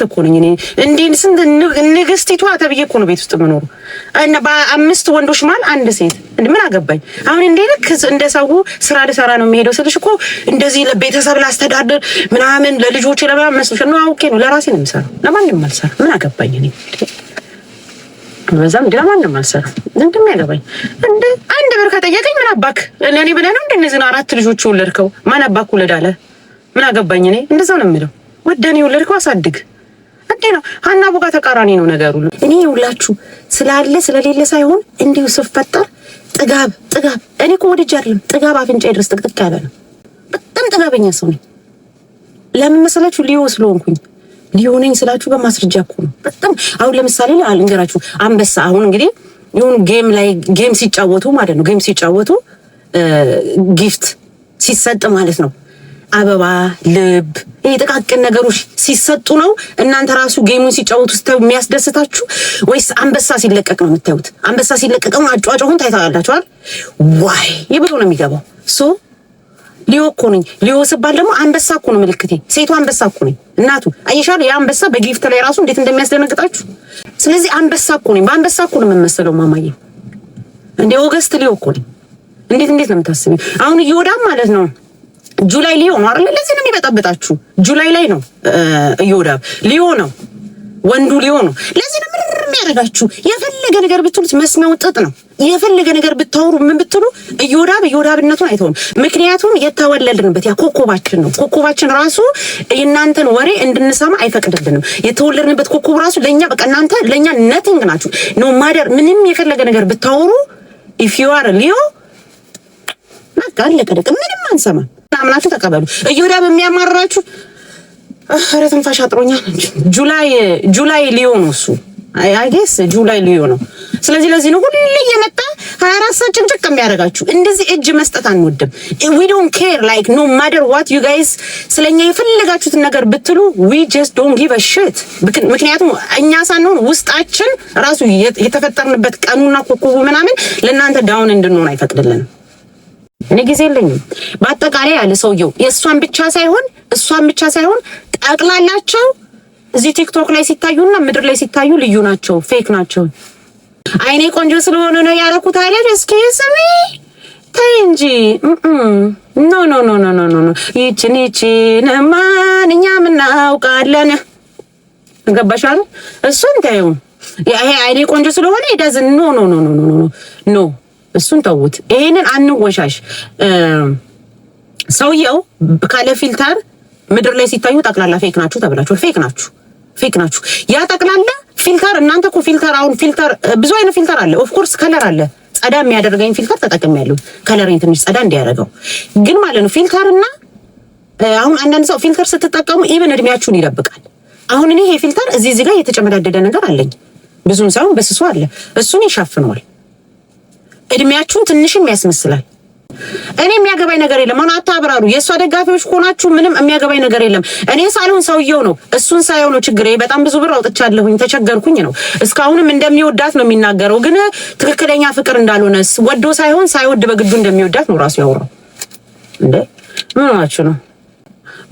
ንግስት እኮ ነኝ እኔ። እንዴን ስንት ንግስቲቷ ተብዬ እኮ ነው ቤት ውስጥ የምኖሩ እና በአምስት ወንዶች መሀል አንድ ሴት እንዴ ምን አገባኝ አሁን። እንዴ ልክ እንደ ሰው ስራ ልሰራ ነው የሚሄደው ስልሽ እኮ እንደዚህ ለቤተሰብ ላስተዳደር ምናምን ለልጆች ለምናምን መስሎሽ ነው? አውቄ ነው ለራሴ ነው የምሰራው፣ ለማንም አልሰራም። ምን አገባኝ እኔ በዛም ነው ድራማ እንደማልሰራ እንደሚያገባኝ እንዴ አንድ ብር ከጠየቀኝ ምን አባክ እኔ ብለህ ነው እንደነዚህ አራት ልጆች ወለድከው ማን አባክ ውለድ አለ? ምን አገባኝ እኔ። እንደዛ ነው የሚለው ወደኔ የወለድከው አሳድግ እንዴ ነው ሀና ቦጋ ተቃራኒ ነው ነገሩ። እኔ ሁላችሁ ስላለ ስለሌለ ሳይሆን እንዲሁ ስፈጠር ጥጋብ ጥጋብ እኔ እኮ ወደጅ አይደለም ጥጋብ አፍንጫ ድረስ ጥቅጥቅ ያለ ነው። በጣም ጥጋበኛ ሰው ነኝ። ለምን መሰላችሁ? ሊዮ ስለሆንኩኝ ሊሆነኝ ስላችሁ በማስረጃ እኮ ነው። በጣም አሁን ለምሳሌ ልንገራችሁ፣ አንበሳ አሁን እንግዲህ ይሁን ጌም ላይ ጌም ሲጫወቱ ማለት ነው ጌም ሲጫወቱ ጊፍት ሲሰጥ ማለት ነው አበባ፣ ልብ ይሄ ጥቃቅን ነገሮች ሲሰጡ ነው እናንተ ራሱ ጌሙን ሲጫወቱ ስታዩ የሚያስደስታችሁ ወይስ አንበሳ ሲለቀቅ ነው የምታዩት? አንበሳ ሲለቀቀውን አጫጫሁን ታይታላችኋል። ዋይ ይብሎ ነው የሚገባው። ሶ ሊዮ እኮ ነኝ። ሊዮ ስባል ደግሞ አንበሳ እኮ ነው ምልክቴ። ሴቱ አንበሳ እኮ ነኝ። እናቱ አየሻል። የአንበሳ አንበሳ በጊፍት ላይ ራሱ እንዴት እንደሚያስደነግጣችሁ። ስለዚህ አንበሳ እኮ ነኝ። በአንበሳ እኮ ነው የምመሰለው። ማማዬ እንደ ኦገስት ሊዮ እኮ ነኝ። እንዴት እንዴት ነው የምታስቢው? አሁን እየወዳም ማለት ነው ጁላይ ሊዮ ነው አይደል? ለዚህ ነው የሚበጣበጣችሁ። ጁላይ ላይ ነው እዮዳብ ሊዮ ነው ወንዱ ሊዮ ነው። ለዚህ ነው ምርር የሚያደርጋችሁ። የፈለገ ነገር ብትሉት መስሚያው ጥጥ ነው። የፈለገ ነገር ብታወሩ ምን ብትሉ እዮዳብ እዮዳብነቱን አይተውም። ምክንያቱም የተወለድንበት ያ ኮኮባችን ነው። ኮኮባችን ራሱ የእናንተን ወሬ እንድንሰማ አይፈቅድልንም። የተወለድንበት ኮኮብ ራሱ ለእኛ በቃ እናንተ ለእኛ ነቲንግ ናችሁ። ኖ ማደር ምንም የፈለገ ነገር ብታወሩ ኢፍ ዩ አር ሊዮ በቃ አለቀ። ደቀ ምንም አንሰማ ምናምናችሁ ተቀበሉ። እየወዳ የሚያማራችሁ ኧረ ትንፋሽ አጥሮኛል። ጁላይ ጁላይ ሊዮ ነው እሱ አይጌስ ጁላይ ልዩ ነው። ስለዚህ ለዚህ ነው ሁሉ እየመጣ ሀያ ሰዓት ጭምጭቅ የሚያደርጋችሁ። እንደዚህ እጅ መስጠት አንወድም። ዊ ዶንት ኬር ላይክ ኖ ማደር ዋት ዩ ጋይስ ስለኛ የፈለጋችሁትን ነገር ብትሉ ዊ ጀስት ዶንት ጊቭ አ ሽት። ምክንያቱም እኛ ሳንሆን ውስጣችን ራሱ የተፈጠርንበት ቀኑና ኮከቡ ምናምን ለእናንተ ዳውን እንድንሆን አይፈቅድልንም። እኔ ጊዜ የለኝም። በአጠቃላይ ያለ ሰውየው የእሷን ብቻ ሳይሆን እሷን ብቻ ሳይሆን ጠቅላላቸው እዚህ ቲክቶክ ላይ ሲታዩና ምድር ላይ ሲታዩ ልዩ ናቸው፣ ፌክ ናቸው። አይኔ ቆንጆ ስለሆነ ነው ያረኩት አይደል? እስኪ ስሚ ተይ እንጂ ኖ ኖ ኖ ኖ ኖ ኖ ይችን ይችንማ እኛም እናውቃለን። ገባሻል? እሱን ተይው። ይሄ አይኔ ቆንጆ ስለሆነ ዳዝ ኖ ኖ ኖ ኖ ኖ ኖ እሱን ተውት። ይሄንን አንወሻሽ። ሰውየው ካለ ፊልተር ምድር ላይ ሲታዩ ጠቅላላ ፌክ ናችሁ ተብላችሁ ፌክ ናችሁ ፌክ ናችሁ። ያ ጠቅላላ ፊልተር እናንተ እኮ ፊልተር አሁን ፊልተር ብዙ አይነት ፊልተር አለ። ኦፍ ኮርስ ከለር አለ። ጸዳ የሚያደርገኝ ፊልተር ተጠቅሜያለሁ። ከለሬን ትንሽ ጸዳ እንዲያደርገው ግን ማለት ነው ፊልተርና አሁን አንዳንድ ሰው ፊልተር ስትጠቀሙ ኢቨን እድሜያችሁን ይደብቃል። አሁን እኔ ይሄ ፊልተር እዚህ እዚህ ጋር የተጨመዳደደ ነገር አለኝ ብዙም ሳይሆን በስሱ አለ። እሱን ይሻፍነዋል። እድሜያችሁን ትንሽም ያስመስላል። እኔ የሚያገባኝ ነገር የለም። አሁን አታብራሩ። የእሷ ደጋፊዎች ከሆናችሁ ምንም የሚያገባኝ ነገር የለም። እኔ ሳልሆን ሰውየው ነው፣ እሱን ሳየው ነው ችግሬ። በጣም ብዙ ብር አውጥቻለሁኝ፣ ተቸገርኩኝ ነው። እስካሁንም እንደሚወዳት ነው የሚናገረው፣ ግን ትክክለኛ ፍቅር እንዳልሆነ ወዶ ሳይሆን ሳይወድ በግዱ እንደሚወዳት ነው ራሱ ያወራው። እንዴ ምናችሁ ነው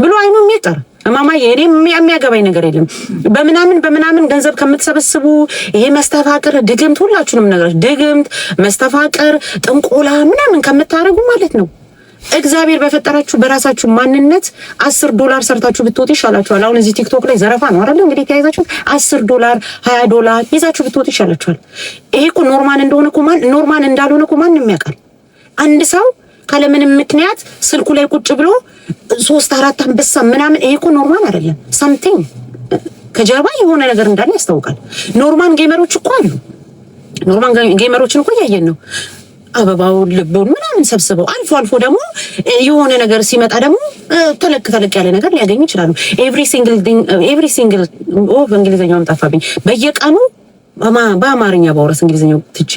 ብሎ አይኑ የሚጠር እማማ የኔ የሚያገባኝ ነገር የለም። በምናምን በምናምን ገንዘብ ከምትሰበስቡ ይሄ መስተፋቅር ድግምት፣ ሁላችሁንም ነገር ድግምት፣ መስተፋቅር፣ ጥንቆላ ምናምን ከምታደርጉ ማለት ነው እግዚአብሔር በፈጠራችሁ በራሳችሁ ማንነት አስር ዶላር ሰርታችሁ ብትወጡ ይሻላችኋል። አሁን እዚህ ቲክቶክ ላይ ዘረፋ ነው አይደል? እንግዲህ ተያይዛችሁ አስር ዶላር ሀያ ዶላር ይዛችሁ ብትወጡ ይሻላችኋል። ይሄ እኮ ኖርማል እንደሆነ እኮ ማን ኖርማል እንዳልሆነ እኮ ማንም ያውቃል። አንድ ሰው ካለምንም ምክንያት ስልኩ ላይ ቁጭ ብሎ ሶስት አራት አንበሳ ምናምን ይሄ እኮ ኖርማል አይደለም። ሳምቲንግ ከጀርባ የሆነ ነገር እንዳለ ያስታውቃል። ኖርማል ጌመሮች እኮ አሉ። ኖርማል ጌመሮችን እኮ እያየን ነው። አበባውን ልቡን ምናምን ሰብስበው አልፎ አልፎ ደግሞ የሆነ ነገር ሲመጣ ደግሞ ተለቅ ተለቅ ያለ ነገር ሊያገኙ ይችላሉ። ኤቭሪ ሲንግል ኤቭሪ ሲንግል ኦ በእንግሊዝኛውም ጠፋብኝ። በየቀኑ በአማርኛ ባወራስ እንግሊዝኛው ትቼ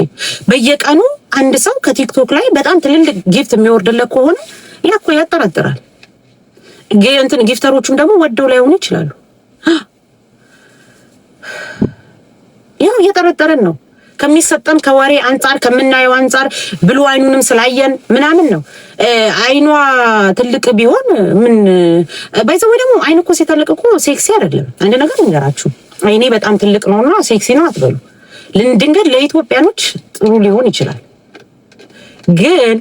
በየቀኑ አንድ ሰው ከቲክቶክ ላይ በጣም ትልልቅ ጊፍት የሚወርድለት ከሆነ ያኮ ያጠራጥራል። እንትን ጊፍተሮቹም ደግሞ ወደው ላይሆኑ ይችላሉ። ይኸው እየጠረጠረን ነው ከሚሰጠን ከወሬ አንጻር ከምናየው አንጻር ብሉ አይኑንም ስላየን ምናምን ነው። አይኗ ትልቅ ቢሆን ምን ባይዘው ደግሞ አይን እኮ ሲተልቅ እኮ ሴክሲ አይደለም። አንድ ነገር እንገራችሁ፣ አይኔ በጣም ትልቅ ነውና ሴክሲ ነው አትበሉ። ድንገት ለኢትዮጵያኖች ጥሩ ሊሆን ይችላል ግን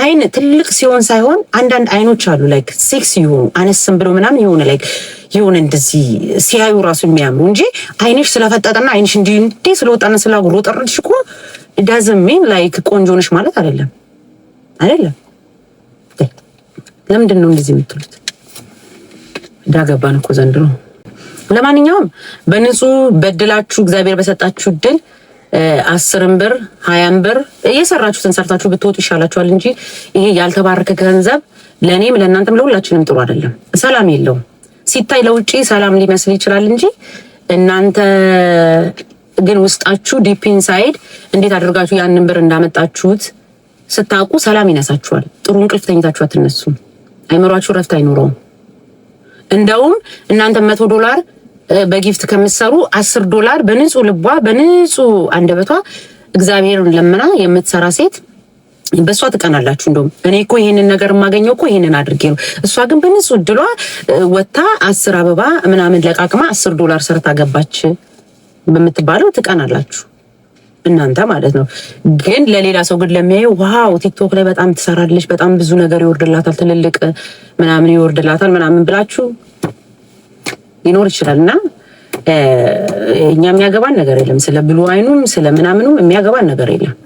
አይን ትልቅ ሲሆን ሳይሆን አንዳንድ አይኖች አሉ ላይክ ሴክስ ይሆኑ አነስም ብሎ ምናምን የሆነ ላይክ የሆነ እንደዚህ ሲያዩ ራሱ የሚያምሩ እንጂ አይንሽ ስለፈጠጠና አይንሽ እንዲህ እንዲህ ስለወጣና ስላጉሮ ጠርድሽ እኮ ዳዝን ሚን ላይክ ቆንጆ ነሽ ማለት አይደለም። አይደለም። ለምንድን ነው እንደዚህ የምትሉት? ዳገባን እኮ ዘንድሮ። ለማንኛውም በንጹህ በድላችሁ እግዚአብሔር በሰጣችሁ ድል አስርም ብር ሀያም ብር እየሰራችሁትን ሰርታችሁ ብትወጡ ይሻላችኋል እንጂ ይሄ ያልተባረከ ገንዘብ ለእኔም ለእናንተም ለሁላችንም ጥሩ አይደለም። ሰላም የለውም። ሲታይ ለውጭ ሰላም ሊመስል ይችላል እንጂ እናንተ ግን ውስጣችሁ ዲፕ ኢንሳይድ እንዴት አድርጋችሁ ያንን ብር እንዳመጣችሁት ስታውቁ ሰላም ይነሳችኋል። ጥሩ እንቅልፍ ተኝታችሁ አትነሱም። አይምሯችሁ ረፍት አይኖረውም። እንደውም እናንተ መቶ ዶላር በጊፍት ከምትሰሩ አስር ዶላር በንጹህ ልቧ በንጹህ አንደበቷ እግዚአብሔርን ለምና የምትሰራ ሴት በእሷ ትቀናላችሁ። እንደውም እኔ እኮ ይሄንን ነገር የማገኘው እኮ ይሄንን አድርጌ ነው። እሷ ግን በንጹህ እድሏ ወታ አስር አበባ ምናምን ለቃቅማ አስር ዶላር ሰርታ ገባች በምትባለው ትቀናላችሁ እናንተ ማለት ነው። ግን ለሌላ ሰው ግን ለሚያየው ዋው ቲክቶክ ላይ በጣም ትሰራለች፣ በጣም ብዙ ነገር ይወርድላታል፣ ትልልቅ ምናምን ይወርድላታል ምናምን ብላችሁ ሊኖር ይችላል እና እኛ የሚያገባን ነገር የለም። ስለ ብሉ አይኑም ስለ ምናምኑም የሚያገባን ነገር የለም።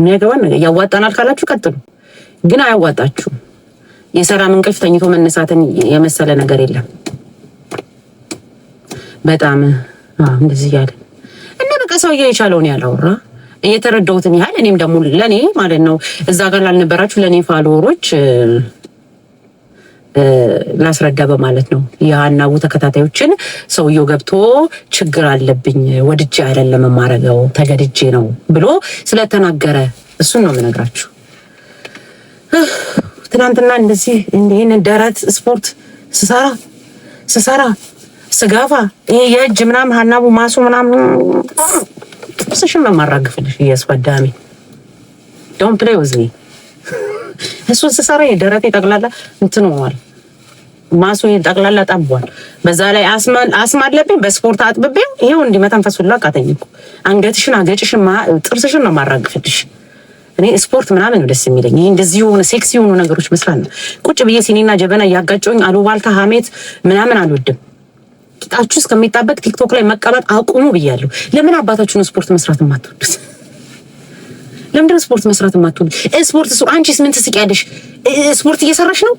የሚያገባን ነገር ያዋጣናል ካላችሁ ቀጥሉ፣ ግን አያዋጣችሁም። የሰላም እንቅልፍ ተኝቶ መነሳትን የመሰለ ነገር የለም። በጣም እንደዚህ እያለ እና በቃ ሰውዬው የቻለውን ያላወራ እየተረዳሁትን ያህል እኔም ደግሞ ለእኔ ማለት ነው እዛ ጋር ላልነበራችሁ ለእኔ ፋሎወሮች ላስረዳ በማለት ነው። የሀናቡ ተከታታዮችን ሰውየው ገብቶ ችግር አለብኝ ወድጄ አይደለም የማረገው ተገድጄ ነው ብሎ ስለተናገረ እሱን ነው የምነግራችሁ። ትናንትና እንደዚህ ይህንን ደረት ስፖርት ስሰራ ስሰራ ስጋፋ ይህ የእጅ ምናምን ሀናቡ ማሱ ምናምን ስሽን መማራግፍልሽ እያስቀዳሚ ዶንት ፕሌይ ወዝ ሚ እሱን ስሰራ የደረቴ ጠቅላላ እንትን ሆኗል። ማሱ ጠቅላላ ጠቧል። በዛ ላይ አስማ አለብኝ። በስፖርት አጥብቤ ይሄው መተንፈስ ሁሉ አቃተኝ። አንገትሽን፣ አገጭሽን፣ ጥርስሽን ነው ማራግፍልሽ። እኔ ስፖርት ምናምን ነው ደስ የሚለኝ። ይሄ እንደዚህ የሆነ ሴክሲ የሆኑ ነገሮች መስራት ነው። ቁጭ ብዬ ሲኒና ጀበና እያጋጨውኝ አሉባልታ፣ ሀሜት ምናምን አልወድም። ቂጣችሁ እስከሚጣበቅ ቲክቶክ ላይ መቀመጥ አቁሙ ብያለሁ። ለምን አባታችሁ ስፖርት መስራት የማትወዱት? ለምንድን ስፖርት መስራት የማትሆኑ? ስፖርት ስሩ። አንቺስ ምን ትስቂያለሽ? ስፖርት እየሰራሽ ነው።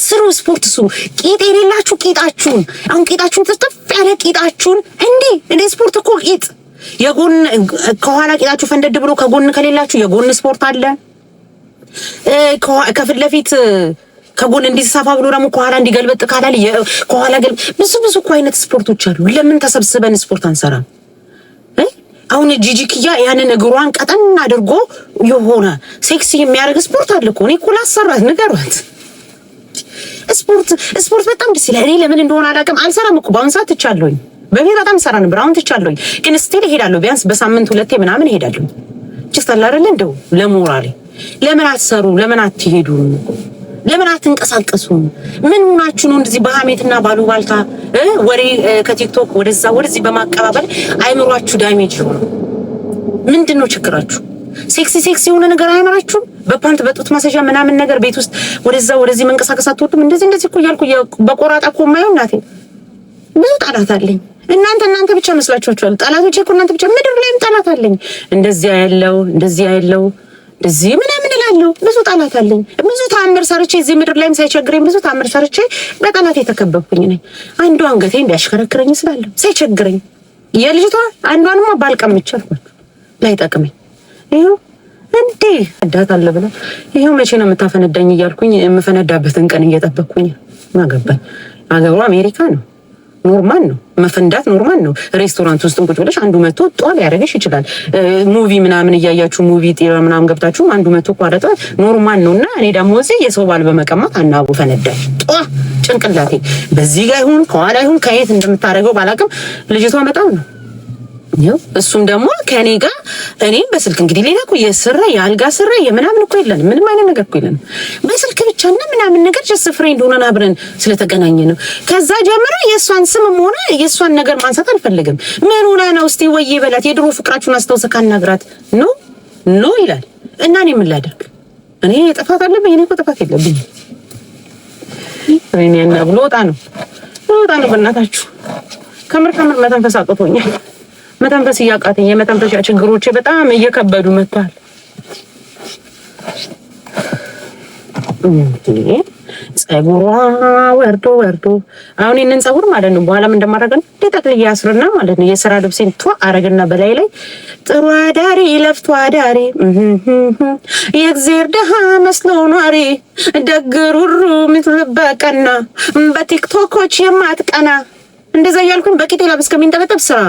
ስሩ፣ ስፖርት ስሩ። ቂጥ የሌላችሁ ቂጣችሁን፣ አሁን ቂጣችሁን ጥፍጥፍ ያለ ቂጣችሁን እንዲህ እንደ ስፖርት እኮ ቂጥ የጎን ከኋላ ቂጣችሁ ፈንደድ ብሎ ከጎን ከሌላችሁ የጎን ስፖርት አለ። ከፊት ለፊት ከጎን እንዲሰፋ ብሎ ደግሞ ከኋላ እንዲገልበጥ ካላል ከኋላ ገልበጥ። ብዙ ብዙ እኮ አይነት ስፖርቶች አሉ። ለምን ተሰብስበን ስፖርት አንሰራም? አሁን ጂጂክያ ያን እግሯን ቀጠን አድርጎ የሆነ ሴክሲ የሚያደርግ ስፖርት አለ እኮ እኔ እኮ ላሰራት ንገሯት። ስፖርት ስፖርት በጣም ደስ ይላል። እኔ ለምን እንደሆነ አላውቅም፣ አልሰራም እኮ በአሁን ሰዓት ትቻለሁኝ። በፊት በጣም ሰራ ነበር፣ አሁን ትቻለሁኝ። ግን ስቲል እሄዳለሁ፣ ቢያንስ በሳምንት ሁለቴ ምናምን እሄዳለሁ። ጭስ አለ አይደለ እንደው ለሞራሌ። ለምን አትሰሩ? ለምን አትሄዱ? ለምን አትንቀሳቀሱም? ምን ሆናችሁ ነው እንደዚህ በሀሜትና ባሉባልታ ወሬ ከቲክቶክ ወደዛ ወደዚህ በማቀባበል አይምሯችሁ ዳሜጅ ሆነ? ምንድን ነው ችግራችሁ? ሴክሲ ሴክሲ የሆነ ነገር አይመራችሁም? በፓንት በጡት ማሰሻ ምናምን ነገር ቤት ውስጥ ወደዛ ወደዚህ መንቀሳቀስ አትወዱም? እንደዚህ እንደዚህ እኮ እያልኩ በቆራጣ እኮ የማየው እናቴ ብዙ ጠላት አለኝ። እናንተ እናንተ ብቻ መስላችኋችኋል። ጠላቶቼ እኮ እናንተ ብቻ። ምድር ላይም ጠላት አለኝ። እንደዚያ ያለው እንደዚያ ያለው እንደዚህ ምናምን አውቃለሁ። ብዙ ጠላት አለኝ። ብዙ ታምር ሰርቼ እዚህ ምድር ላይም ሳይቸግረኝ ብዙ ታምር ሰርቼ በጠላት የተከበብኩኝ ነኝ። አንዱ አንገቴ እንዲያሽከረክረኝ ስላለሁ ሳይቸግረኝ የልጅቷ አንዷንማ ባልቀም ይቻልኩ ላይጠቅመኝ ይኸው እንዴ እዳት አለ ብለ ይኸው መቼ ነው የምታፈነዳኝ እያልኩኝ የምፈነዳበትን ቀን እየጠበቅኩኝ ማገባኝ አገሩ አሜሪካ ነው። ኖርማል ነው። መፈንዳት ኖርማል ነው። ሬስቶራንት ውስጥ ቁጭ ብለሽ አንዱ መቶ ጧ ሊያደርግሽ ይችላል። ሙቪ ምናምን እያያችሁ ሙቪ ጤና ምናምን ገብታችሁ አንዱ መቶ ቋረጠ ኖርማል ነው። እና እኔ ደግሞ እዚህ የሰው ባል በመቀማት አናቡ ፈነዳሽ ጧ ጭንቅላቴ በዚህ ጋር ይሁን ከኋላ ይሁን ከየት እንደምታደርገው ባላቅም ልጅቷ በጣም ነው እሱም ደግሞ ከኔ ጋር እኔም በስልክ እንግዲህ ሌላ እኮ የስራ የአልጋ ስራ የምናምን እኮ የለንም። ምንም አይነት ነገር እኮ የለንም። በስልክ ብቻ እና ምናምን ነገር ጀስት ፍሬንድ ሆነን አብረን ስለተገናኘ ነው። ከዛ ጀምሮ የእሷን ስምም ሆነ የእሷን ነገር ማንሳት አልፈልግም። ምን ሆነ ነው እስቲ ወይ ይበላት፣ የድሮ ፍቅራችሁን አስታውሰ ካናግራት ኖ ኖ ይላል እና እኔ ምን ላደርግ? እኔ ጥፋት አለብኝ? እኔ እኮ ጥፋት የለብኝ። እኔ እና ብሎ ወጣ ነው ብሎ ወጣ ነው። በእናታችሁ ከምር ከምር መተንፈስ አቅቶኛል። መተንፈስ እያቃተኝ የመተንፈሻ ችግሮቼ በጣም እየከበዱ መጥቷል። ጸጉሯ ወርዶ ወርዶ አሁን ይህንን ጸጉር ማለት ነው በኋላም እንደማደርገን ጠቅልዬ አስርና ማለት ነው የስራ ልብሴን ቷ አረግና በላይ ላይ ጥሩ አዳሪ ለፍቶ አዳሪ የእግዜር ደሃ መስሎ ኗሪ ደግሩሩ ምትበቀና በቲክቶኮች የማትቀና እንደዛ እያልኩኝ በቂጤ ላብ እስከሚንጠበጠብ ስራ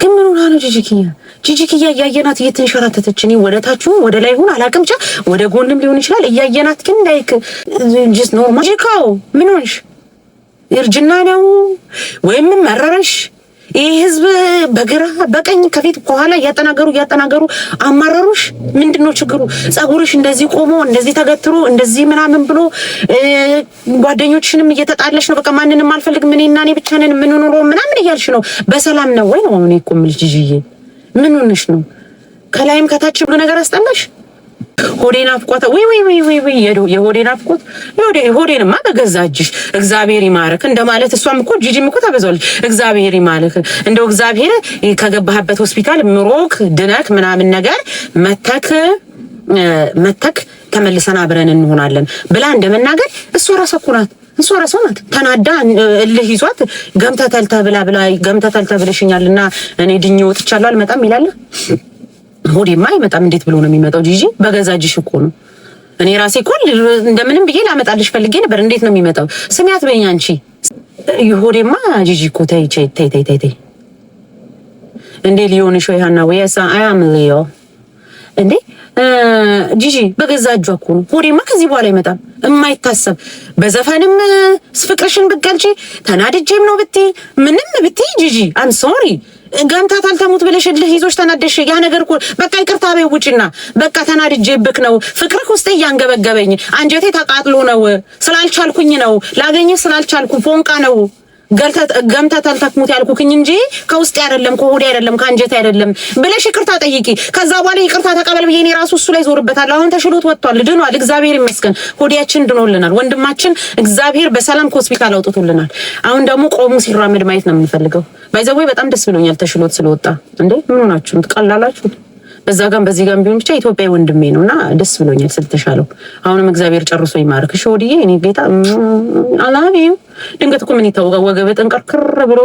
ግን ምን ሆና ነው ጂጂክያ? ጂጂክያ እያየናት እየተንሸራተተች እኔ ወደ ታች ወደ ላይ ሁን አላውቅም፣ ብቻ ወደ ጎንም ሊሆን ይችላል። እያየናት ግን ላይክ ጅስ ነው ጂካው፣ ምን ሆንሽ? እርጅና ነው ወይም መረረሽ ይህ ህዝብ በግራ በቀኝ ከፊት ከኋላ እያጠናገሩ እያጠናገሩ አማረሩሽ። ምንድን ነው ችግሩ? ጸጉርሽ እንደዚህ ቆሞ እንደዚህ ተገትሮ እንደዚህ ምናምን ብሎ ጓደኞችንም እየተጣለሽ ነው። በቃ ማንንም አልፈልግም እኔና እኔ ብቻ ነን የምንኖረው ምናምን እያልሽ ነው። በሰላም ነው ወይ ነው? እኔ ቁም የምልሽ ምን ሆነሽ ነው? ከላይም ከታች ብሎ ነገር አስጠላሽ። ሆዴን አፍቆተ ወይ ወይ ወይ ወይ ወይ የሆዴን አፍቆት ሆዴ ሆዴንማ በገዛ እጅሽ እግዚአብሔር ይማረክ እንደማለት እሷም እኮ ጂጂም እኮ ታበዛለች። እግዚአብሔር ይማረክ እንደው እግዚአብሔር ከገባህበት ሆስፒታል ምሮክ ድነክ ምናምን ነገር መተክ መተክ ተመልሰን አብረን እንሆናለን ብላ እንደመናገር እሷ ራሷ እኮ ናት። እሷ ራሷ ናት ተናዳ እልህ ይዟት ገምተተልተ ብላ ብላ ገምተተልተ ብለሽኛልና እኔ ድኜ ወጥቻለሁ አልመጣም ይላል። ሆዴማ አይመጣም። እንዴት ብሎ ነው የሚመጣው? ጂጂ በገዛ እጅሽ እኮ ነው። እኔ ራሴ እኮ እንደምንም ብዬ ላመጣልሽ ፈልጌ ነበር። እንዴት ነው የሚመጣው? ስሚያት አትበይኝ አንቺ። ሆዴማ ጂጂ እኮ ተይ ተይ ተይ ተይ ተይ። እንዴ ሊሆንሽ ወይ ሀና ወይ ሳ አያም ሊዮ እንዴ ጂጂ በገዛ እጇ እኮ ነው። ሆዴማ ከዚህ በኋላ አይመጣም። የማይታሰብ በዘፈንም ፍቅርሽን ብትገልጪ ተናድጄም ነው ብትይ ምንም ብትይ ጂጂ አም ሶሪ ገምታ አልተሙት ብለሽ እልህ ይዞሽ ተናደሽ ያ ነገር እኮ በቃ ይቅርታ ቤት ውጪና በቃ ተናድጄብክ ነው ፍቅርህ ውስጥ እያንገበገበኝ አንጀቴ ተቃጥሎ ነው ስላልቻልኩኝ ነው ላገኘ ስላልቻልኩ ፎንቃ ነው ገምታት አልተሙት ያልኩክኝ እንጂ ከውስጥ አይደለም ከሆዴ አይደለም ከአንጀቴ አይደለም ብለሽ ይቅርታ ጠይቂ። ከዛ በኋላ ይቅርታ ተቀበል ብዬ እኔ ራሱ እሱ ላይ ዞርበታለሁ። አሁን ተሽሎት ወጥቷል፣ ድኗል። እግዚአብሔር ይመስገን፣ ሆዴያችን ድኖልናል። ወንድማችን እግዚአብሔር በሰላም ከሆስፒታል አውጥቶልናል። አሁን ደግሞ ቆሙ ሲራመድ ማየት ነው የምንፈልገው። ባይዘዌ በጣም ደስ ብሎኛል ተሽሎት ስለወጣ። እንዴ ምን ሆናችሁ ትቃላላችሁ? በዛ ጋም በዚህ ጋም ቢሆን ብቻ ኢትዮጵያዊ ወንድሜ ነው እና ደስ ብሎኛል ስለተሻለው። አሁንም እግዚአብሔር ጨርሶ ይማርክ። እሺ ወዲዬ፣ እኔ ጌታ አላቤ ድንገት እኮ ምን ይታወቃል? ወገብ ጠንቀርክር ብሎ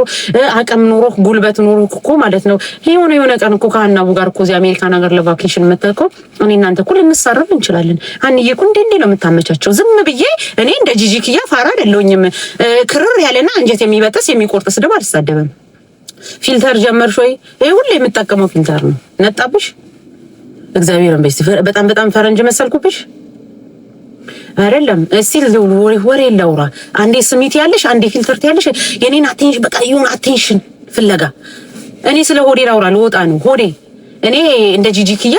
አቅም ኑሮህ ጉልበት ኑሮህ እኮ ማለት ነው የሆነ የሆነ ቀን እኮ ከሀናቡ ጋር እኮ እዚህ አሜሪካን ሀገር ለቫኬሽን መተህ እኮ እኔ እናንተ እኮ ልንሳረፍ እንችላለን። አንዬ እኮ እንዴ እንዴ ነው የምታመቻቸው። ዝም ብዬ እኔ እንደ ጂጂክያ ፋራ አይደለሁኝም። ክርር ያለና አንጀት የሚበጥስ የሚቆርጥስ ስድብ አልሳደብም። ፊልተር ጀመርሽ ወይ? ይሄ ሁሉ የምጠቀመው ፊልተር ነው። ነጣብሽ? እግዚአብሔርን በስቲ በጣም በጣም ፈረንጅ መሰልኩብሽ? አይደለም እስቲ ወሬ ወሬ ላውራ። አንዴ ስሜት ያለሽ፣ አንዴ ፊልተር ያለሽ። የኔን አቴንሽን በቃ ይሁን አቴንሽን ፍለጋ። እኔ ስለ ሆዴ ላውራ ልወጣ ነው ሆዴ እኔ እንደ ጂጂክያ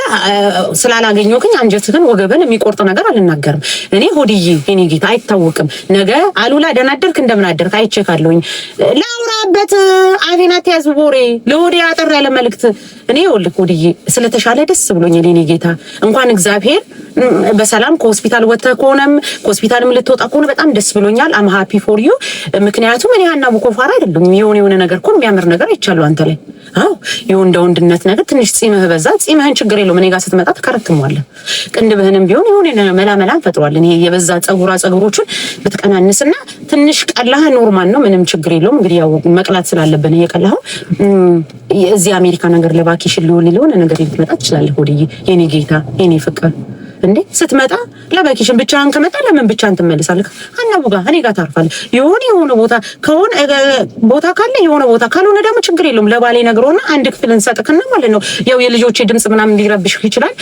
ስላላገኘክኝ አንጀትህን ወገብን የሚቆርጥ ነገር አልናገርም። እኔ ሆድዬ የኔ ጌታ አይታወቅም። ነገ አሉላ ደህና አደርክ እንደምን አደርክ አይቼካለሁኝ። ለአውራበት አፌን አትያዝ ቦሬ ለሆዴ አጠር ያለ መልእክት እኔ ይኸውልህ ሆድዬ ስለተሻለ ደስ ብሎኝ የኔ ጌታ። እንኳን እግዚአብሔር በሰላም ከሆስፒታል ወጥተህ ከሆነም ከሆስፒታልም ልትወጣ ከሆነ በጣም ደስ ብሎኛል። አም ሃፒ ፎር ዩ ምክንያቱም እኔ ሀና ቡኮፋራ አይደለም የሆነ የሆነ ነገር እኮ የሚያምር ነገር አይቻለሁ አንተ ላይ አው ይሁን እንደ ወንድነት ነገር ትንሽ ጺምህ በዛ። ጺምህን ችግር የለውም እኔ ጋር ስትመጣ ትከረክመዋለህ። ቅንድብህንም ቢሆን ይሁን መላመላ ፈጥሯል። እኔ የበዛ ጸጉራ ጸጉሮቹን ብትቀናንስና ትንሽ ቀላህ ኖርማል ነው፣ ምንም ችግር የለውም። እንግዲህ ያው መቅላት ስላለብን እየቀላህ እዚህ አሜሪካ ነገር ለባኪሽ ሊሆን ሊሆን ነገር ልትመጣ ትችላለህ። ወደዬ የኔ ጌታ የኔ ፍቅር እንዴ ስትመጣ ለበኪሽን ብቻህን ከመጣ ለምን ብቻህን ትመልሳለህ? አናቡ ጋር እኔ ጋር ታርፋለህ። የሆነ የሆነ ቦታ ከሆነ ቦታ ካለ የሆነ ቦታ ካልሆነ ደግሞ ችግር የለውም። ለባሌ ነግሮና አንድ ክፍል እንሰጥክና ማለት ነው። ያው የልጆቼ ድምጽ ምናምን ሊረብሽ ይችላል።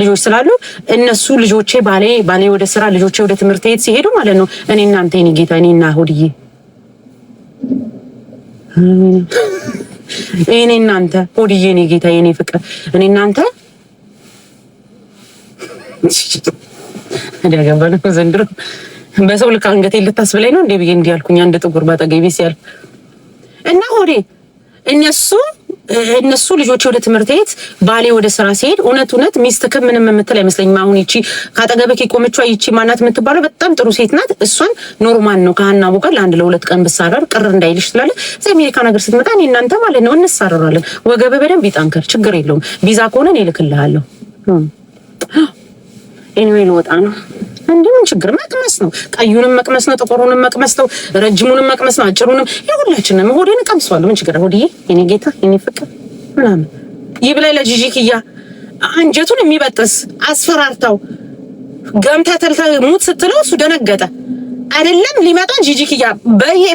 ልጆች ስላሉ እነሱ ልጆቼ ባሌ ባሌ ወደ ስራ ልጆቼ ወደ ትምህርት ቤት ሲሄዱ ማለት ነው እኔ እናንተ እኔ ጌታ እኔ እና ሆድዬ እኔ እናንተ ሆድዬ እኔ ጌታ እኔ ፍቅር እኔ እናንተ ያገባን ዘንድሮ በሰው ልክ አንገቴ ልታስብላኝ ነው እንዴ ብዬ እንዲህ አልኩኝ። አንድ ጥቁር ባጠገቢ ሲያል እና ሆዴ እነሱ እነሱ ልጆች ወደ ትምህርት ቤት ባሌ ወደ ስራ ሲሄድ እውነት እውነት ሚስት ከምንም የምትል አይመስለኝም። አሁን ይቺ ካጠገብህ የቆመችዋ ይቺ ማናት የምትባለው በጣም ጥሩ ሴት ናት። እሷን ኖርማል ነው ከሀና ጋር ለአንድ ለሁለት ቀን ብሳረር ቅር እንዳይልሽ ትላለ። እዚ አሜሪካን ሀገር ስትመጣ እኔ እናንተ ማለት ነው እንሳረራለን። ወገብህ በደንብ ይጠንከር፣ ችግር የለውም። ቪዛ ከሆነ እኔ እልክልሃለሁ። ኤኒዌይ ልወጣ ነው። ምን ችግር መቅመስ ነው፣ ቀዩንም መቅመስ ነው፣ ጥቁሩንም መቅመስ ነው፣ ረጅሙንም መቅመስ ነው፣ አጭሩንም የሁላችንም ሆዴን እቀምሰዋለሁ። ምን ችግር ሆድዬ፣ የኔ ጌታ፣ የኔ ፍቅር ምናምን ይህ ብላይ ለጂጂ ክያ አንጀቱን የሚበጥስ አስፈራርታው ገምታ ተልታ ሙት ስትለው እሱ ደነገጠ። አይደለም ሊመጣ ጂጂ ክያ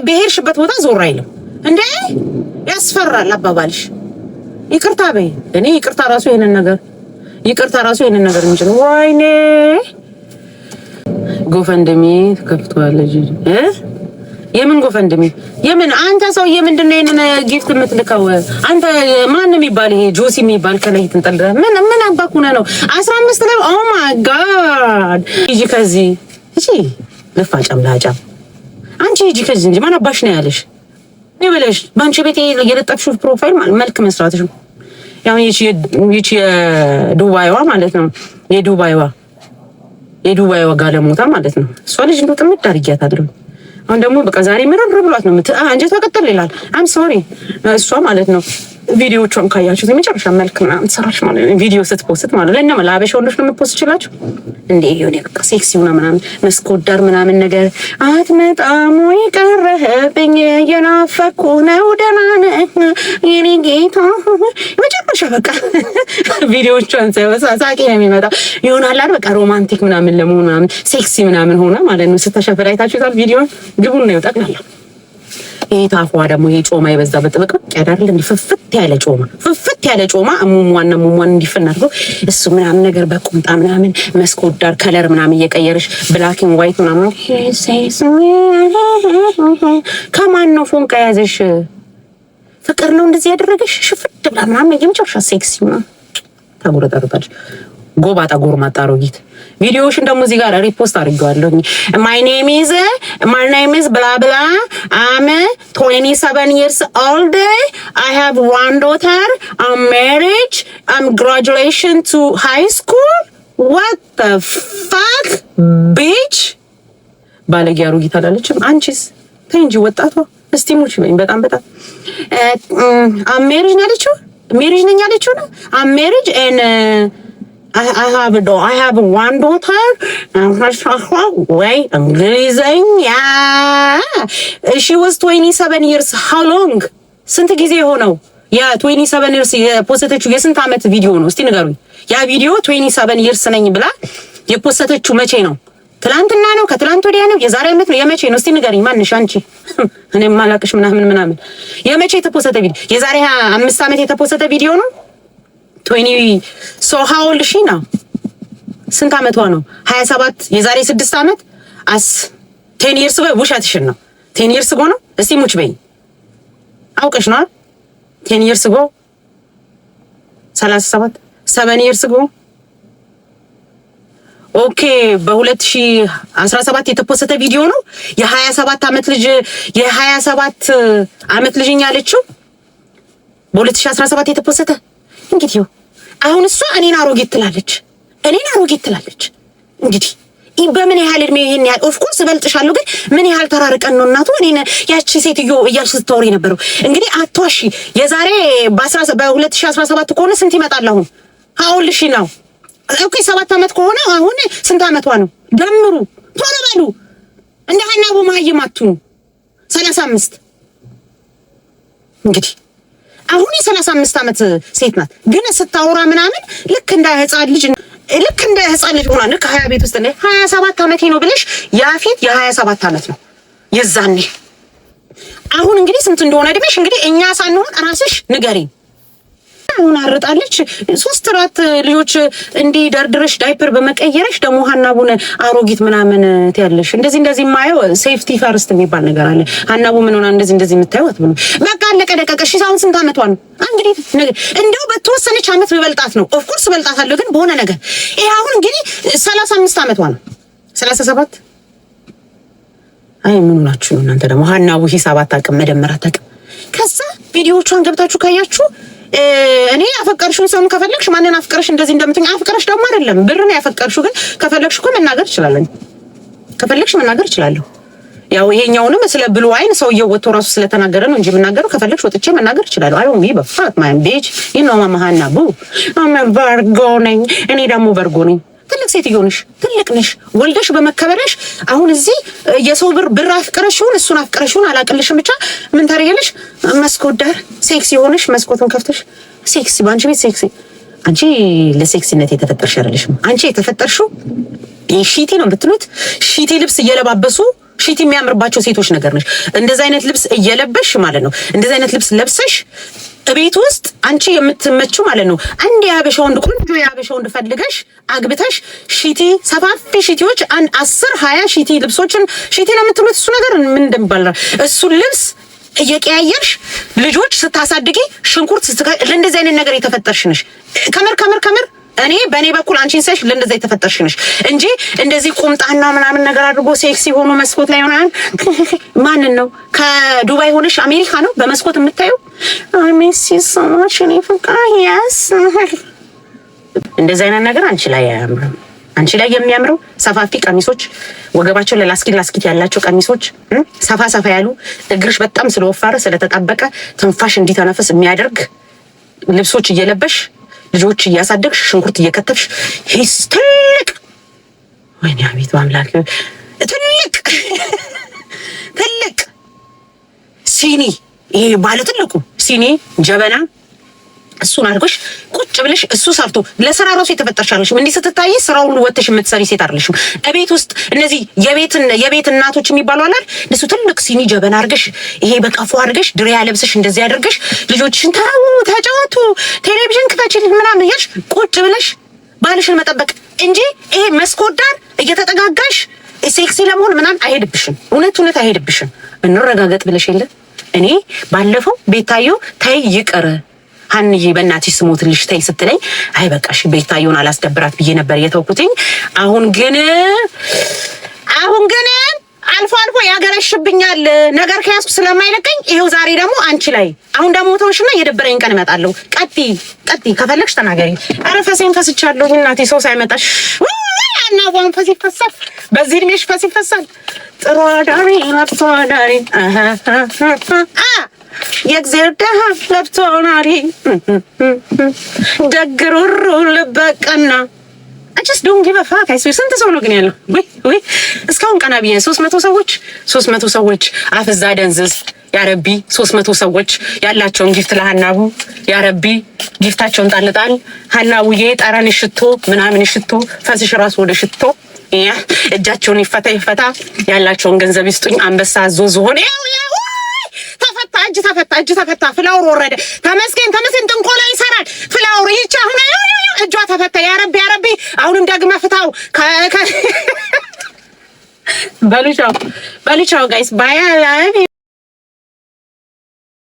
በሄድሽበት ቦታ ዞር አይልም እንዴ? ያስፈራል አባባልሽ። ይቅርታ በይ። እኔ ይቅርታ ራሱ ይሄንን ነገር ይቅርታ ራሱ ያንን ነገር የሚችል ወይኔ ጎፈንድሜ ከፍቷል። የምን ጎፈንድሜ? የምን አንተ ሰውዬ፣ ምንድን ነው ይሄንን ጊፍት የምትልከው? አንተ ማን የሚባል ይሄ ጆሲ የሚባል ከላይ ትንጠልደ ምን ምን አባኩነ ነው 15 ላይ ኦ ማይ ጋድ ይጂ ከዚህ እሺ፣ ለፋ ጨምላጫ አንቺ ይጂ ከዚህ እንጂ ማን አባሽ ነው ያለሽ? ነው በለሽ በአንቺ ቤት የለጠፍሽው ፕሮፋይል መልክ መስራትሽ ነው ያሁን ይቺ የዱባይዋ ማለት ነው የዱባይዋ የዱባይዋ ጋለሞታ ማለት ነው። እሷ ልጅ እንደው ጥምድ አድርጊያታለሁ። አሁን ደግሞ በቃ ዛሬ ምርር ብሏት ነው አንጀቷ ቅጥል ይላል። አም ሶሪ እሷ ማለት ነው ቪዲዮቿን ካያችሁት የመጨረሻ መልክ ምናምን ትሰራች ማለት ነው። ቪዲዮ ስትፖስት ማለት ነው። ለእነ ለአበሻ ወንዶች ነው የምትፖስት ይችላችሁ እንዴ? ይሁን በቃ ሴክሲ ሆና ምናምን መስኮዳር ምናምን ነገር አትመጣም ወይ ቀረህብኝ፣ የናፈኩ ነው ደህና ነህ የኔ ጌታ። የመጨረሻ በቃ ቪዲዮቿን ሳቂ ነው የሚመጣ ይሆናል አይደል? በቃ ሮማንቲክ ምናምን ለመሆን ምናምን ሴክሲ ምናምን ሆና ማለት ነው። ስተሸፈር አይታችሁታል ቪዲዮን ግቡን ነው ጠቅላላ ጤት አፏ ደግሞ ይሄ ጮማ የበዛ በጥብቅም ያዳርል እንዲ ፍፍት ያለ ጮማ ፍፍት ያለ ጮማ እሙሟን እሙሟን እንዲፈና አድርጎ እሱ ምናምን ነገር በቁምጣ ምናምን መስኮት ዳር ከለር ምናምን እየቀየረሽ ብላክን ዋይት ምናምን ከማን ነው ፎን ያዘሽ? ፍቅር ነው እንደዚህ ያደረገሽ? ሽፍድ ብላ ምናምን የመጨረሻ ሴክሲ ምናምን ተጉረጠርጣለሽ። ጎባጣ ጎርማጣ አሮጊት ቪዲዮዎችን ደግሞ እዚህ ጋር ሪፖስት አድርጌዋለሁ። ማይ ኔም ኢዝ ማይ ኔም ኢዝ ብላ ብላ አም 27 years old I have one daughter I'm married I'm graduation to high school what the fuck bitch ባለጌ አሮጊት አላለችም። አንቺስ ተይ እንጂ ወጣቷ እስቲ ሙች በኝ በጣም በጣም አም uh, ሜሪጅ mm, ነው ያለችው ሜሪጅ ነኝ ያለችው ነው አም ሜሪጅ ኤን ዋን ዶተር ወይ እንግሊዘኛ ሺ ወዝ ትዌንቲ ሰቨን ይርስ ሃው ሎንግ ስንት ጊዜ የሆነው የትዌንቲ ሰቨን ይርስ የፖሰተችው የስንት አመት ቪዲዮ ነው? እስቲ ንገሩኝ። ያ ቪዲዮ ትዌንቲ ሰቨን ይርስ ነኝ ብላ የፖሰተችው መቼ ነው? ትላንትና ነው? ከትላንት ወዲያ ነው? የዛሬ ዓመት ነው? የመቼ ነው? እስቲ ንገሪኝ። ማንሽ አንቺ እኔ ማላቅሽ ምናምን ምናምን የመቼ የተፖሰተ ቪዲዮ? የዛሬ አምስት ዓመት የተፖሰተ ቪዲዮ ነው ቶኒ ሶ ሀውል ሺ ነው ስንት አመቷ ነው? ሀያ ሰባት የዛሬ ስድስት አመት አስ ቴን ይርስ በይ ውሸትሽን ነው። ቴን ይርስ ጎ ነው እስቲ ሙች በይ አውቀሽ ነው ቴን ይርስ ጎ ሰላሳ ሰባት ሰቨን ይርስ ጎ ኦኬ በ2017 የተፖሰተ ቪዲዮ ነው። የ27 አመት ልጅ የ27 አመት ልጅኛ አለችው በ2017 የተፖሰተ እንግዲህ አሁን እሷ እኔን አሮጌት ትላለች፣ እኔን አሮጌት ትላለች። እንግዲህ በምን ያህል እድሜ ይሄን ያህል ኦፍኮርስ እበልጥሻለሁ፣ ግን ምን ያህል ተራርቀን ነው እናቱ እኔን ያቺ ሴትዮ እያልሽ ስታወሪ የነበረው እንግዲህ አቷሺ የዛሬ በ2017 ከሆነ ስንት ይመጣል? አሁን ሀውልሽ ነው ኦኬ፣ ሰባት ዓመት ከሆነ አሁን ስንት ዓመቷ ነው? ደምሩ ቶሎ በሉ። እንደ ሀናቡ ማየማቱ አትሁኑ። ሰላሳ አምስት እንግዲህ አሁን የሰላሳ አምስት ዓመት ሴት ናት፣ ግን ስታወራ ምናምን ልክ እንደ ህፃን ልጅ ልክ እንደ ህፃን ልጅ ሆና ልክ ሀያ ቤት ውስጥ ሀያ ሰባት ዓመቴ ነው ብለሽ ያፊት የሀያ ሰባት ዓመት ነው የዛኔ። አሁን እንግዲህ ስንት እንደሆነ እድሜሽ እንግዲህ እኛ ሳንሆን ራስሽ ንገሪኝ። ሆና አርጣለች። ሶስት ራት ልጆች እንዲህ ደርድረሽ ዳይፐር በመቀየረሽ ደግሞ ሀናቡን አሮጊት ምናምን ትያለሽ። እንደዚህ እንደዚህ የማየው ሴፍቲ ፈርስት የሚባል ነገር አለ። ሀናቡ ምን ሆና እንደዚህ እንደዚህ የምታየው አትብሉ። በቃ አለቀ ደቀቀ። እሺ አሁን ስንት አመቷ ነው? እንግዲህ እንደው በተወሰነች አመት በበልጣት ነው። ኦፍኮርስ በልጣታለሁ፣ ግን በሆነ ነገር ይሄ አሁን እንግዲህ ሰላሳ አምስት አመቷ ነው። ሰላሳ ሰባት አይ ምን ሆናችሁ እናንተ ደግሞ ሀናቡ ሂሳብ አታውቅም፣ መደመር አታውቅም። ከዛ ቪዲዮቿን ገብታችሁ ካያችሁ እኔ አፈቀርሽውን ሰውን ከፈለግሽ ማንን አፍቀርሽ እንደዚህ እንደምትኝ አፍቀርሽ ደግሞ አይደለም ብርን ያፈቀርሽው። ግን ከፈለግሽ እኮ መናገር እችላለሁ፣ ከፈለግሽ መናገር እችላለሁ። ያው ይሄኛውንም ስለ ብሉ አይን ሰውየው ወጥቶ ራሱ ስለተናገረ ነው እንጂ የምናገረው። ከፈለግሽ ወጥቼ መናገር እችላለሁ። አይ ሚ በፋት ማይ ቤጅ ይኖ ማማሃና ቡ አመ በርጎ ነኝ እኔ ደግሞ በርጎ ነኝ። ትልቅ ሴትዮ ነሽ፣ ትልቅ ነሽ፣ ወልደሽ በመከበረሽ አሁን እዚህ የሰው ብር ብር አፍቅረሽ ይሁን እሱን አፍቅረሽ ይሁን አላቅልሽም፣ ብቻ ምን ታደርጊያለሽ? መስኮት ዳር ሴክሲ ሆነሽ መስኮቱን ከፍተሽ ሴክሲ፣ በአንቺ ቤት ሴክሲ። አንቺ ለሴክሲነት የተፈጠርሽ አይደለሽም። አንቺ የተፈጠርሽው ሺቲ ነው የምትሉት ሺቲ ልብስ እየለባበሱ ሺቲ የሚያምርባቸው ሴቶች ነገር ነሽ። እንደዚህ አይነት ልብስ እየለበሽ ማለት ነው። እንደዚህ አይነት ልብስ ለብሰሽ ቤት ውስጥ አንቺ የምትመችው ማለት ነው። አንድ የአበሻ ወንድ ቆንጆ የአበሻ ወንድ ፈልገሽ አግብተሽ ሺቲ ሰፋፊ ሺቲዎች አንድ አስር ሀያ ሺቲ ልብሶችን ሺቲ ነው የምትሉት እሱ ነገር ምን እንደሚባል እሱን ልብስ እየቀያየርሽ ልጆች ስታሳድጊ ሽንኩርት ስትቀ ለእንደዚህ አይነት ነገር የተፈጠርሽ ነሽ። ከምር ከምር ከምር እኔ በእኔ በኩል አንቺን ሳይሽ ለእንደዛ የተፈጠርሽ ነሽ እንጂ እንደዚህ ቁምጣና ምናምን ነገር አድርጎ ሴክሲ ሆኖ መስኮት ላይ ሆናን ማንን ነው? ከዱባይ ሆነሽ አሜሪካ ነው በመስኮት የምታየው? አሜሲ ሰማሽ እኔ ፍቃ ያስ እንደዚህ አይነት ነገር አንቺ ላይ አያምርም። አንቺ ላይ የሚያምረው ሰፋፊ ቀሚሶች፣ ወገባቸው ለላስኪት ላስኪት ያላቸው ቀሚሶች፣ ሰፋ ሰፋ ያሉ እግርሽ በጣም ስለወፈረ ስለተጣበቀ ትንፋሽ እንዲተነፍስ የሚያደርግ ልብሶች እየለበሽ ልጆች እያሳደግሽ ሽንኩርት እየከተፍሽ ሂስ ትልቅ ወይኔ አቤት በአምላክ ትልቅ ትልቅ ሲኒ ይሄ ባለ ትልቁ ሲኒ ጀበና እሱን አድርጎሽ ቁጭ ብለሽ እሱ ሰርቶ ለስራ ራሱ የተፈጠርሽ አይደለሽም። እንዲህ ስትታይ ስራ ሁሉ ወጥተሽ የምትሰሪ ሴት አይደለሽም። እቤት ውስጥ እነዚህ የቤት የቤት እናቶች የሚባሉ አላል እነሱ ትልቅ ሲኒ ጀበና አድርገሽ ይሄ በቀፎ አድርገሽ ድሬ ያለብስሽ እንደዚህ አድርገሽ ልጆችሽን ተራው ተጫወቱ፣ ቴሌቪዥን ክፈችልን ምናምን እያልሽ ቁጭ ብለሽ ባልሽን መጠበቅ እንጂ ይሄ መስኮዳን እየተጠጋጋሽ ሴክሲ ለመሆን ምናምን አይሄድብሽም። እውነት እውነት አይሄድብሽም። እንረጋገጥ ብለሽ የለ እኔ ባለፈው ቤታዮ ተይ ይቅር ሀንዬ በእናትሽ ስሞትልሽ ተይ ስትለኝ አይ በቃሽ ቤታዮን አላስደብራት ብዬ ነበር የተውኩትኝ። አሁን ግን አሁን ግን አልፎ አልፎ ያገረሽብኛል ነገር ከያዝኩ ስለማይለቀኝ ይሄው ዛሬ ደግሞ አንቺ ላይ አሁን ደግሞ ተውሽና የደበረኝ ቀን እመጣለሁ። ቀጥ ቀጥ ከፈለግሽ ተናገሪ። አረ ፈሴን ፈስቻለሁ እናቴ ሰው ሳይመጣሽ እና ቧን ፈስ ይፈሳል። በዚህ እድሜሽ ፈስ ይፈሳል። ጥሩ አዳሪ ለብቶ አዳሪ የእግዜር ደሃ ለብቶ ናሪ ደግሩሩ ልበቀና አጀስ ዶንት ጊቭ አ ፋክ አይ ስዌር። ስንት ሰው ነው ግን ያለው? ወይ ወይ እስካሁን ቀና ብዬ 300 ሰዎች 300 ሰዎች አፍዛ ደንዝዝ ያረቢ 300 ሰዎች ያላቸውን ጊፍት ለሀናቡ ያረቢ ጊፍታቸውን ጣልጣል። ሀናቡዬ ጠረን ሽቶ ምናምን ሽቶ ፈስሽ ራሱ ወደ ሽቶ እጃቸውን ይፈታ ይፈታ። ያላቸውን ገንዘብ ይስጡኝ። አንበሳ አዞ ዝሆን ተፈታ፣ እጅ ተፈታ፣ እጅ ተፈታ። ፍላውር ወረደ። ተመስገን ተመስገን ጥንቆላ ይሰራል። ፍላውር ይቻ ሁነ እጇ ተፈታ። ያረቢ ያረቢ፣ አሁንም ደግመ ፍታው። በሉቻው በሉቻው ጋይስ ባይ